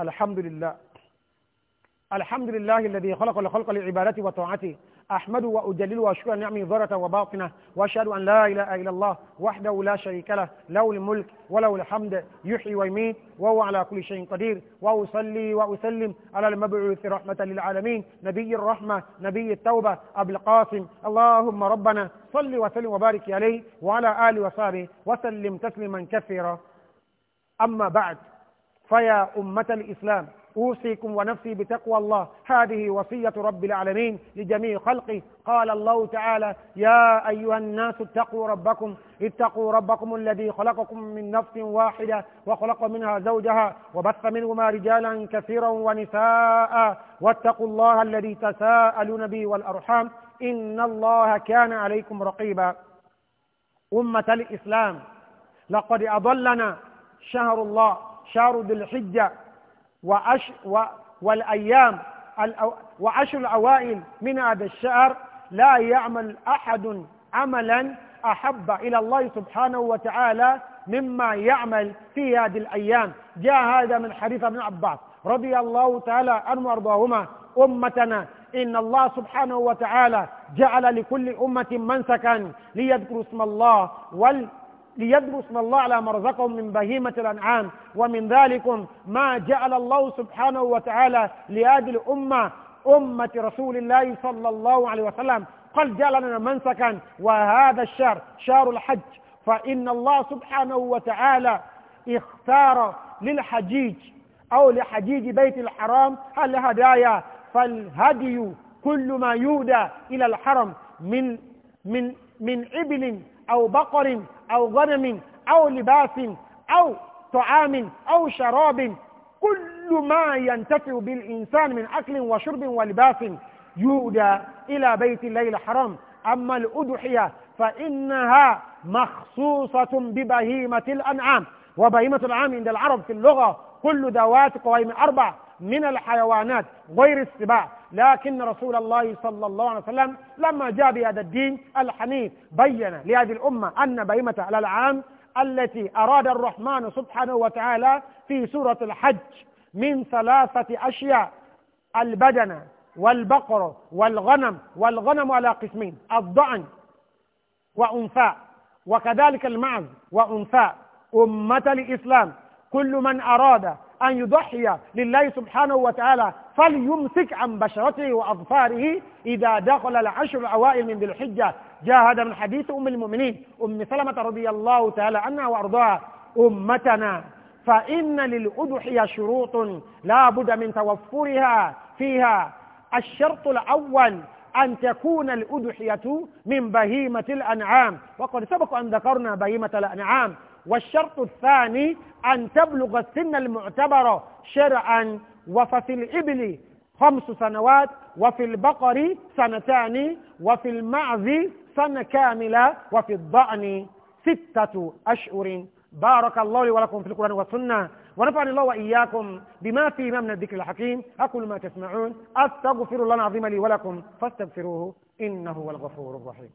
الحمد لله الحمد لله الذي خلق الخلق لعبادته وطاعته أحمد وأجلل وأشكر نعمه ظاهرة وباطنة وأشهد أن لا إله إلا الله وحده لا شريك له له الملك وله الحمد يحيي ويميت وهو على كل شيء قدير وأصلي وأسلم على المبعوث رحمة للعالمين نبي الرحمة نبي التوبة أبو القاسم اللهم ربنا صل وسلم وبارك عليه وعلى آله وصحبه وسلم تسليما كثيرا أما بعد فيا أمة الإسلام أوصيكم ونفسي بتقوى الله هذه وصية رب العالمين لجميع خلقه قال الله تعالى يا أيها الناس اتقوا ربكم اتقوا ربكم الذي خلقكم من نفس واحدة وخلق منها زوجها وبث منهما رجالا كثيرا ونساء واتقوا الله الذي تساءلون به والأرحام إن الله كان عليكم رقيبا أمة الإسلام لقد أضلنا شهر الله شهر ذي الحجة وعش و والأيام وعشر الأوائل من هذا الشهر لا يعمل أحد عملا أحب إلى الله سبحانه وتعالى مما يعمل في هذه الأيام جاء هذا من حديث ابن عباس رضي الله تعالى عنه وأرضاهما أمتنا إن الله سبحانه وتعالى جعل لكل أمة منسكا ليذكروا اسم الله وال ليدروا اسم الله على ما رزقهم من بهيمة الأنعام ومن ذلكم ما جعل الله سبحانه وتعالى لهذه الأمة أمة رسول الله صلى الله عليه وسلم قد جعل لنا منسكا وهذا الشهر شهر الحج فإن الله سبحانه وتعالى اختار للحجيج أو لحجيج بيت الحرام الهدايا فالهدي كل ما يودى إلى الحرم من من من إبل أو بقر أو غنم أو لباس أو طعام أو شراب كل ما ينتفع بالإنسان من أكل وشرب ولباس يؤدى إلى بيت الليل الحرام أما الأضحية فإنها مخصوصة ببهيمة الأنعام وبهيمة الأنعام عند العرب في اللغة كل ذوات قوائم أربع من الحيوانات غير السباع لكن رسول الله صلى الله عليه وسلم لما جاء بهذا الدين الحنيف بين لهذه الأمة أن بهيمة على العام التي أراد الرحمن سبحانه وتعالى في سورة الحج من ثلاثة أشياء البدنة والبقر والغنم والغنم على قسمين الضعن وأنثى وكذلك المعز وأنثى أمة الإسلام كل من أراد أن يضحي لله سبحانه وتعالى فليمسك عن بشرته وأظفاره إذا دخل العشر الأوائل من ذي الحجة جاء هذا من حديث أم المؤمنين أم سلمة رضي الله تعالى عنها وأرضاها أمتنا فإن للأضحية شروط لا بد من توفرها فيها الشرط الأول أن تكون الأضحية من بهيمة الأنعام وقد سبق أن ذكرنا بهيمة الأنعام والشرط الثاني أن تبلغ السن المعتبرة شرعا وففي الإبل خمس سنوات وفي البقر سنتان وفي المعز سنة كاملة وفي الضأن ستة أشهر بارك الله لي ولكم في القرآن والسنة ونفعني الله وإياكم بما فيه من الذكر الحكيم أقول ما تسمعون أستغفر الله العظيم لي ولكم فاستغفروه إنه هو الغفور الرحيم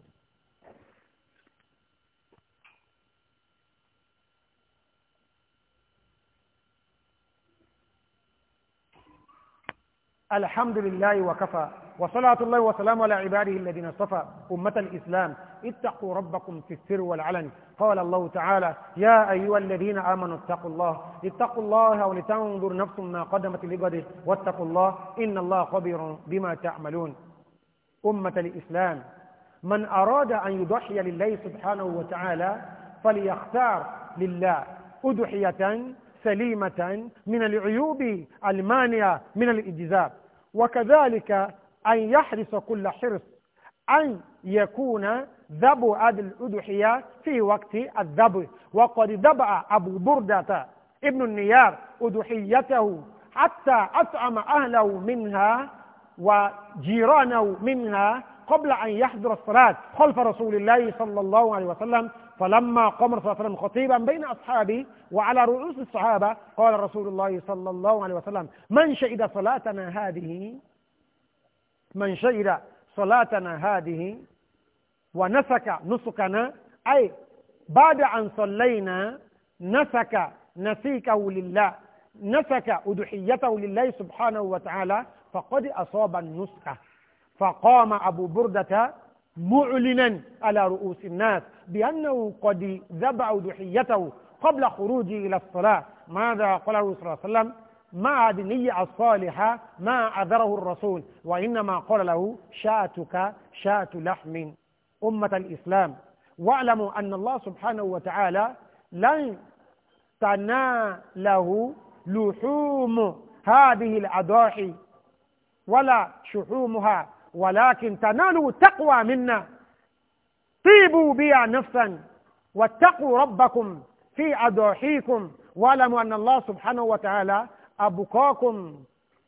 الحمد لله وكفى وصلاة الله وسلام على عباده الذين اصطفى أمة الإسلام اتقوا ربكم في السر والعلن قال الله تعالى يا أيها الذين آمنوا اتقوا الله اتقوا الله ولتنظر نفس ما قدمت لغده واتقوا الله إن الله خبير بما تعملون أمة الإسلام من أراد أن يضحي لله سبحانه وتعالى فليختار لله أضحية سليمة من العيوب المانعة من الإجزاب وكذلك أن يحرص كل حرص أن يكون ذبو هذه الأضحية في وقت الذبو وقد ذبع أبو بردة ابن النيار أضحيته حتى أطعم أهله منها وجيرانه منها قبل أن يحضر الصلاة خلف رسول الله صلى الله عليه وسلم فلما قام رسول الله صلى الله عليه وسلم خطيبا بين أصحابه وعلى رؤوس الصحابة قال رسول الله صلى الله عليه وسلم من شهد صلاتنا هذه من شهد صلاتنا هذه ونسك نسكنا أي بعد أن صلينا نسك نسيكه لله نسك أضحيته لله سبحانه وتعالى فقد أصاب النسكة فقام أبو بردة معلنا على رؤوس الناس بأنه قد ذبع ضحيته قبل خروجه إلى الصلاة ماذا قال الرسول صلى الله عليه وسلم مع النية الصالحة ما عذره الرسول وإنما قال له شاتك شات لحم أمة الإسلام واعلموا أن الله سبحانه وتعالى لن تناله لحوم هذه الأضاحي ولا شحومها ولكن تنالوا التقوى منا طيبوا بها نفسا واتقوا ربكم في أضاحيكم واعلموا أن الله سبحانه وتعالى أبقاكم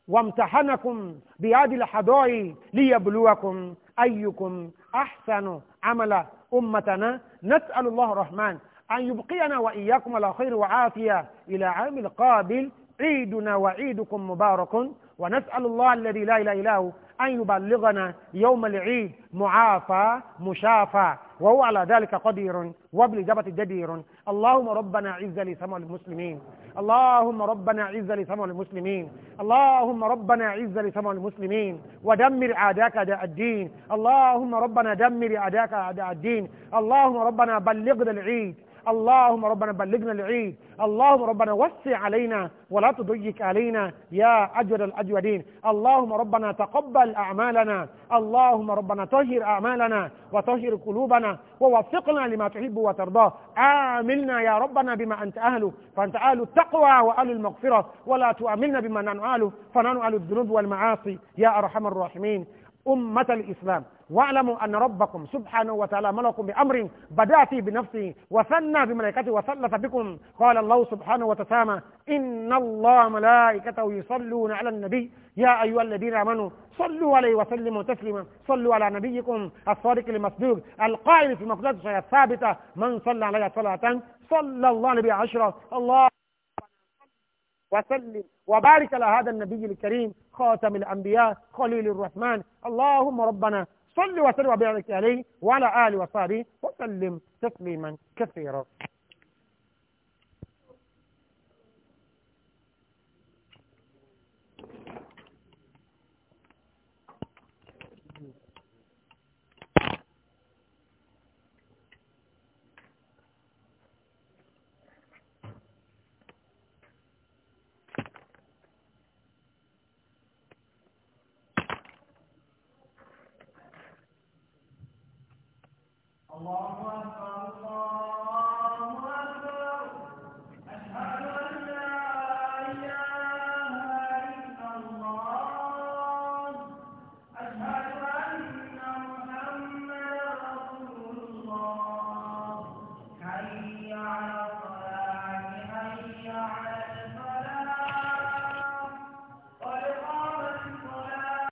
وامتحنكم بهذه الحضائر ليبلوكم أيكم أحسن عمل أمتنا نسأل الله الرحمن أن يبقينا وإياكم على خير وعافية إلى عام القابل عيدنا وعيدكم مبارك ونسأل الله الذي لا إله إلا هو أن يبلغنا يوم العيد معافى مشافى وهو على ذلك قدير وبالإجابة جدير اللهم ربنا عز لسمع المسلمين اللهم ربنا عز لسمع المسلمين اللهم ربنا عز لسمع المسلمين ودمر عداك أعداء الدين اللهم ربنا دمر عداك أعداء الدين اللهم ربنا بلغنا العيد اللهم ربنا بلغنا العيد اللهم ربنا وسع علينا ولا تضيق علينا يا أجود الأجودين اللهم ربنا تقبل أعمالنا اللهم ربنا طهر أعمالنا وطهر قلوبنا ووفقنا لما تحب وترضاه آملنا يا ربنا بما أنت أهله فأنت أهل التقوى وأهل المغفرة ولا تؤملنا بما ننعاله فننعل الذنوب والمعاصي يا أرحم الراحمين أمة الإسلام واعلموا أن ربكم سبحانه وتعالى ملكم بأمر بدأت فيه بنفسه وثنى بملائكته وثلث بكم قال الله سبحانه وتسامى إن الله ملائكته يصلون على النبي يا أيها الذين آمنوا صلوا عليه وسلموا تسليما صلوا على نبيكم الصادق المصدوق القائل في مقدسه الثابتة من صلى عليه صلاة صلى الله عليه عشرة الله وسلم وبارك على هذا النبي الكريم خاتم الأنبياء خليل الرحمن اللهم ربنا صل وسلم وبارك عليه وعلى آله وصحبه وسلم تسليما كثيرا الله أكبر الله